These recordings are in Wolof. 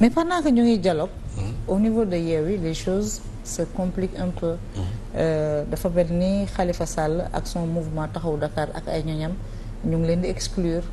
mais pendant que ñu ngi dialogue hmm? au niveau de Yewwi les choses se compliquent un peu hmm? euh, dafa mel ni xalifa Sall ak son mouvement taxaw Dakar ak ay ñoñam ñu ngi leen di exclure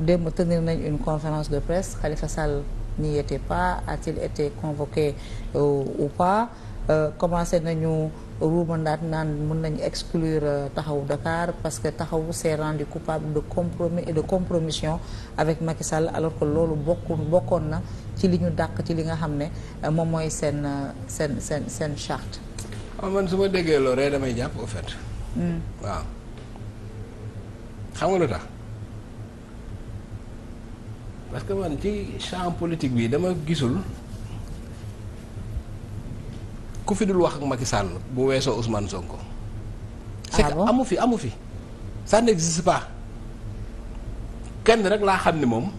démb tenir nañ une conférence de presse xalifa Sall n'y était pas a-t-il été convoqué euh, ou pas euh, commencé nañu ruumandaat naan mën nañu exclure euh, taxaw Dakar parce que taxaw s'est rendu coupable de compromis de compromission avec Macky Sall alors que loolu bokkul bokkoon na ci li ñu dàq ci li nga xam ne euh, moom mooy seen euh, seen seen seen charte. Ah, man su ma déggee loolu rek damay jàpp au fait. Hmm. waaw xam nga lu tax parce que man ci champ politique bi dama gisul. ku fi dul wax ak Macky Sall bu weesoo Ousmane Sonko. c'est ah que amu fi amu fi ça n'existe pas kenn rek laa xam ni moom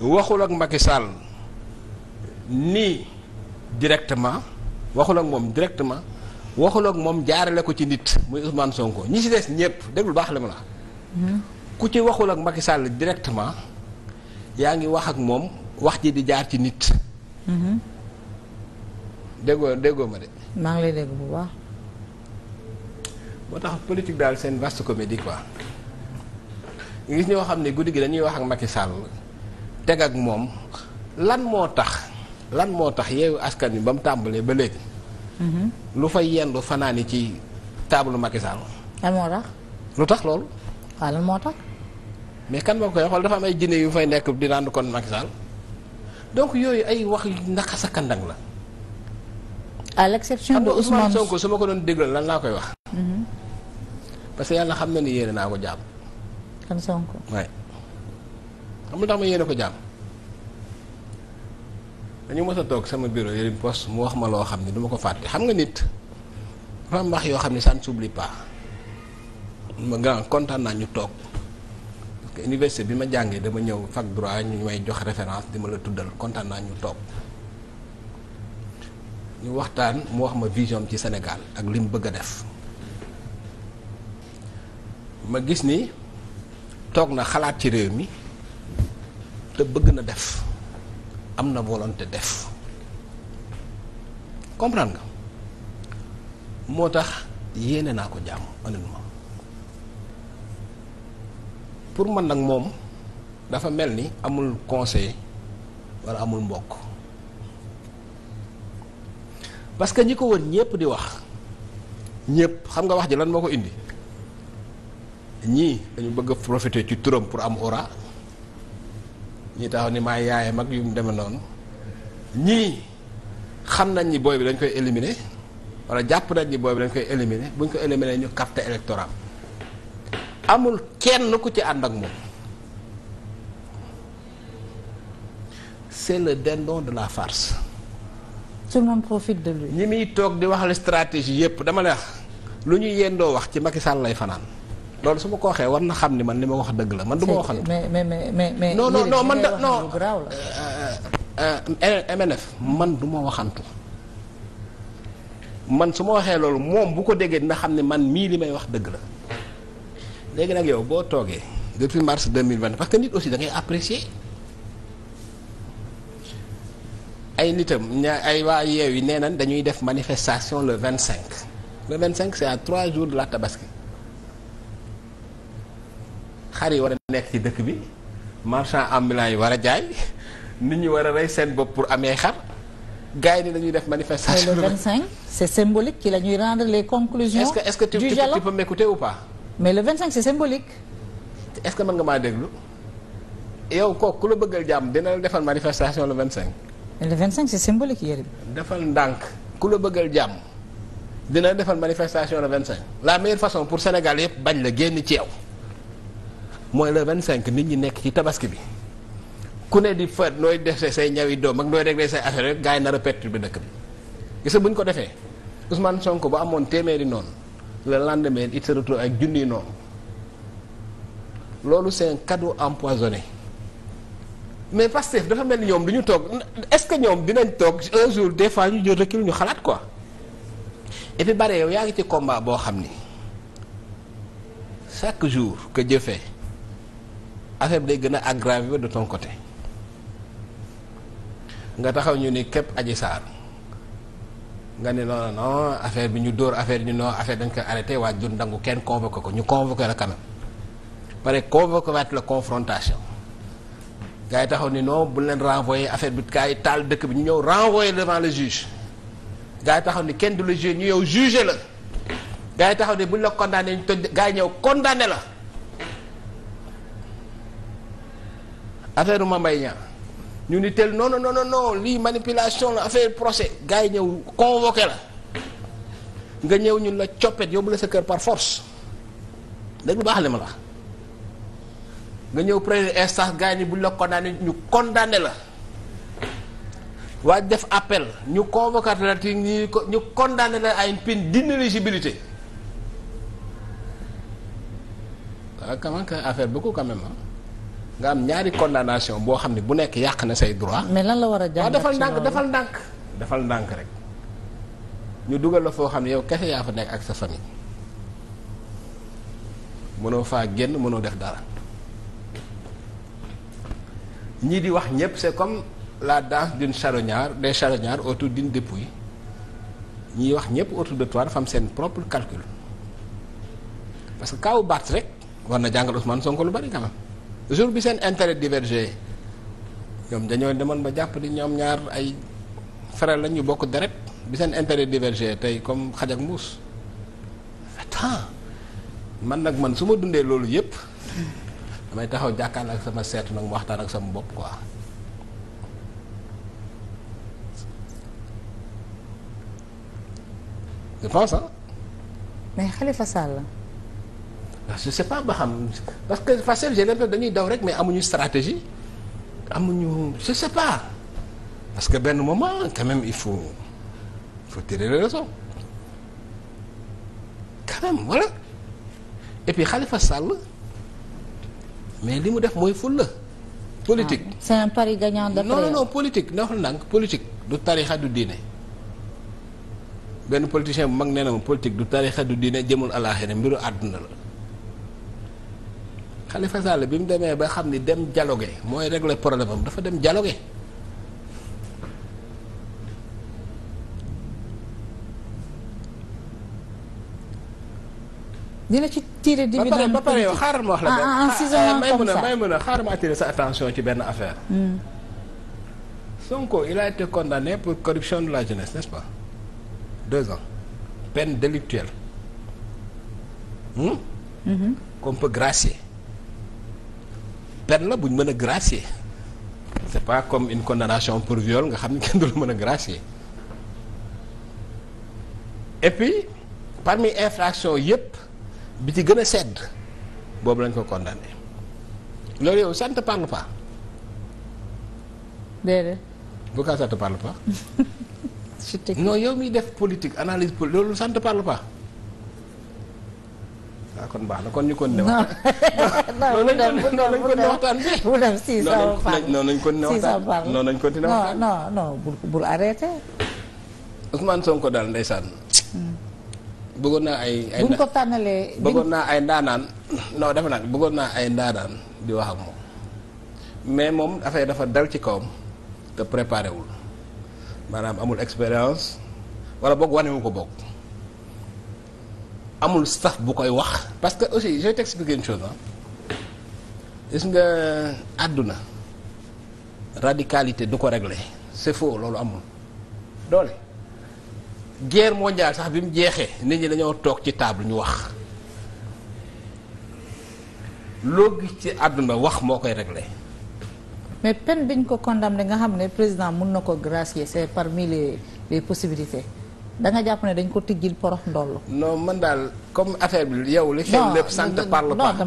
waxul ak Macky Sall nii directement waxul ak moom directement waxul ak moom jaarale ko ci nit muy Ousmane Sonko ñi si des ñëpp déglu baax la ma la hmm. ku ci waxul ak Macky Sall directement yaa ngi wax ak moom wax ji di jaar ci nit. Hmm. déggoo déggoo ma de. maa lay dégg bu baax. moo tax politique daal seen vaste comédie quoi gis ñoo xam ne guddi gi dañuy wax ak Macky Sall teg ak moom lan moo tax lan moo tax yeewu askan wi ba mu tàmbalee ba léegi. Mhm. lu fay yendu fanaani ci taabalu Macky lan moo tax. lu tax loolu. waaw lan moo tax. mais kan moo koy xool dafa am ay jinne yu fay nekk di rendre kon Macky Sall donc yooyu ay wax yu naqas kandang la. à l'exception de Ousmane Sonko su ma ko doon déglu lan naa koy wax. Mm-hmm. parce que yàlla xam na ni yéene naa ko jàmm. kan xam nga tax ma yéene ko jàmm dañu mës a toog sama bureau Yerim Post mu wax ma loo xam ne du ko fàtte xam nga nit dafa yoo xam ne ça ne s'oublie pas ma grand kontaan naa ñu toog. parce que université bi ma jàngee dama ñëw fac droit ñu may jox référence di ma la tuddal kontaan naa ñu toog. ñu waxtaan mu wax ma vision ci senegaal ak li mu bëgg a def ma gis ni toog na xalaat ci réew mi te bëgg na def am na volonté def comprendre nga moo tax yéene naa ko jàmm honnêtement pour man nag moom dafa mel ni amul conseil walla amul mbokk parce que ñi ko wër ñëpp di wax ñëpp xam nga wax ji lan moo ko indi ñii dañu bëgg a profité ci turam pour am aura ñii taxaw ni maa yaaye mag yu mu demee noonu ñii xam nañ ni booy bi dañ koy éliminer wala jàpp nañ ñi booy bi dañ koy éliminer buñ ko éliminer ñu carte électorale amul kenn ku ci ànd ak moom c'est le dindon de la farce tout le monde de lui. ñi muy toog di wax la stratégie yépp dama lay wax lu ñuy yendoo wax ci Macky sàll lay fanaan. loolu su ma ko waxee war na xam ni man li ma wax dëgg la man du ma waxal. mais mais mais mais non non non man da non euh, euh, euh, MNF man du ma waxantu man su ma waxee loolu moom bu ko déggee dina xam ne man mii li may wax dëgg la léegi nag yow boo toogee depuis mars deux mille vingt parce que nit aussi da apprécier. ay nitam ay waa yeew yi nee nañ dañuy def manifestation le vingt cinq le vingt cinq c'est à trois jours la tabaski xar yi war a nekk ci dëkk bi marchand ambulant yi war a jaay nit ñi war a rey seen bopp pour amee xar gars yi ni dañuy def manifestation le vingt cinq c'est symbolique ci la ñuy rendre les conclusions est-ce que est-ce que tu, tu, tu peux m'écouter ou pas mais le vingt cinq c'est symbolique est-ce mën nga maa déglu yow kooku ku la bëggal jàmm dina la defal manifestation le vingt cinq mais le 25 c'est symbolique defal ndànk ku la bëggal jàmm dina defal manifestation le cinq la meilleure façon pour Sénégal yëpp bañ la génn ci yow mooy le cinq nit ñi nekk ci tabaski bi ku ne di fa nooy defee say ñawi doom ak nooy réglé say affaire rek gars yi nar a perturber dëkk bi gis bu ñu ko defee Ousmane sonk bu amoon téeméeri noonu le lendemain il se retrouve ak junni noonu loolu c'est un cadeau empoisonné. mais Pastef dafa mel ni ñoom du ñu toog est-ce que ñoom dinañ toog un jour des fois ñu jël recul ñu xalaat quoi et puis bare yow yaa ngi ci combat boo xam ni chaque jour que jëfee affaire bi day gën a aggravé de ton côté nga taxaw ñu ni képp aji saar nga ne non non affaire bi ñu dóor affaire ñu non affaire dañ koy arrêté waa jur ndangu kenn convoqué ko ñu convoqué la kanam pare convoqué waat la confrontation gaa yi taxaw ni non bu leen renvoyé affaire bi gars yi taal dëkk bi ñu ñëw renvoyer devant le juge gars yi taxaw ni kenn du la juge ñu yow juger la gars yi taxaw ni buñ la condamné ñu tëj gars ñëw condamné la affaire u Mame Mbaye ñu ni tel noonu non non non lii manipulation la affaire procès gars yi ñëw convoqué la nga ñëw ñun la coppet yóbbu la sa kër par force dégg baax li ma la nga ñëw première instance gars yi ni buñ la condamné ñu condamné la waa def appel ñu convoqué la te ñu ñu condamné la à une peine d'inéligibilité waaw comment affaire beaucoup quand même nga am ñaari condamnation boo xam ne bu nekk yàq na say droit. mais lan la war a jàngat defal ndànk defal ndànk defal ndànk rek ñu dugal la foo xam ne yow kese yaa fa nekk ak sa famille mënoo faa génn mënoo def dara. ñii di wax ñëpp c'est comme la danse d'une charognard des charognards autour d'une dépouille ñiy wax ñëpp autour de toi fam seen propre calcul parce que kaawu Barth rek war na jàngal Ousmane Sonko lu bari quand jour bi seen intérêt divergé yoom dañoo demal ba jàpp ni ñoom ñaar ay frère lañ ñu bokk deret bi seen intérêt divergé tey comme xaj ak muus man nag man su ma dundee loolu yëpp. damay taxaw jàkkaarloo ak sama seetu nag mu waxtaan ak sama bopp quoi. je pense ah. mais Khalifa Sall. waaw ah, je sais pas ba xam parce que Pastef j'ai l'impression dañuy daw rek mais amuñu stratégie amuñu je sais pas parce que benn moment quand il faut il faut tirer les leçons quand même et puis Khalifa Sall. mais li mu def mooy ful la politique ah, c'est un pari gagnant d'après non non politique ndax ndànk politique du tarixa du diine benn politicien bu mag nee na ma du tarixa du diine jëmul àllaaxira mbiru àdduna la Khalifa Sall bi mu demee ba xam ni dem dialogué mooy régler problème am dafa dem dialogué dina ci tirer dividende ba pare yow xaaral ma wax la ah, benn. may mën a xaaral ma attirer sa attention ci benn affaire. Hmm. Sonko il a condamné pour corruption de la jeunesse n'est-ce pas deux ans peine délictuelle hmm? mm gracier peine la bu mën a gracier c'est pas comme une condamnation pour viol nga xam ne kenn du la mën a gracier et puis parmi infraction yépp bi ci gën a sedd boobu lañ ko condamné loolu yow ça ne te parle pas. déedéet. yow miy def politique analyse politique loolu ça ne te parle ah, kon baax na kon ñu kon ne waxtaan. non non bu dem si sama parle non nañ kon ne waxtaan non nañ kon ne waxtaan non non non bul arrêté. Ousmane Sonko daal ndeysaan. Hmm. bëggoon naa ay. ay bëggoon naa ay ndaanaan non dafa naan bëggoon naa ay ndaanaan di wax ak moom mais moom affaire dafa dal ci kawam te préparé wul maanaam amul expérience wala boog wanewu ko boog amul staff bu koy wax. parce que aussi je vais t'expliquer une chose gis nga àdduna radicalité du ko régler c'est faux loolu amul doole. moo mondiale sax bi mu jeexee nit ñi dañoo toog ci table ñu wax loo gis ci àdduna wax moo koy réglé. mais peine biñ ko condamné nga xam ne président mun na ko gracier c'est par les les possibilités da nga jàpp ne dañ ko tijjil porox ndoll. non man daal comme affaire bi yow. li xew lépp ça ne te parle laaj.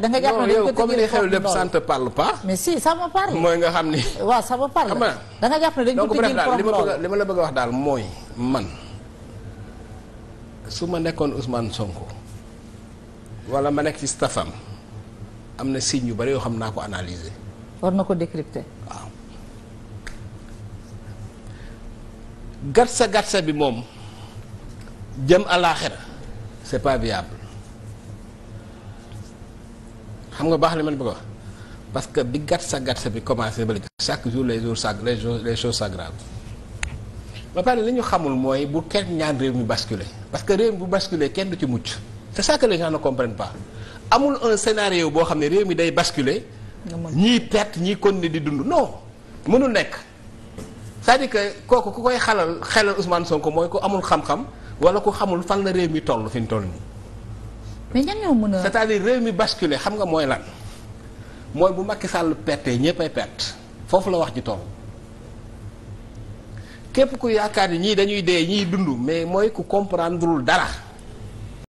da nga jàpp ne dañ ko tijjil porox ndoll comme li xew mais si ça me mooy nga xam ni. waaw sama me parle. da nga jàpp ne dañ ko tijjil porox ndoll li ma li ma la bëgg a wax daal mooy man. su ma nekkoon Ousmane Sonko wala ma nekk ci stafam am na signe yu bari yoo xam naa ko analyser. war na ko décrypter. waaw gatsa gatsa bi moom jëm àllaaxira c'est pas viable xam nga baax li man bëgg wax parce que bi gatsa gatsa bi commencé ba léegi chaque jour les jours les jours les choses s'aggravent. ba pare li ñu xamul mooy bu kenn ñaan réew mi basculer parce que réew mi bu basculer kenn du ci mucc c'est ça que les ne comprennent pas amul un scénario boo xam ne réew mi day basculer ñiy ñii kon continuer di dund non mënul nekk sa à que kooku ku koy xalal xelal Ousmane Sonko mooy ku amul xam-xam wala ku xamul fan la réew mi toll fi mu toll nii. mais réew mi basculer xam nga mooy lan mooy bu Macky Sall perte ñëppay perte foofu la wax ci toll. képp ku yaakaar ni ñii dañuy dee ñiy dund mais mooy ku comprendrewul dara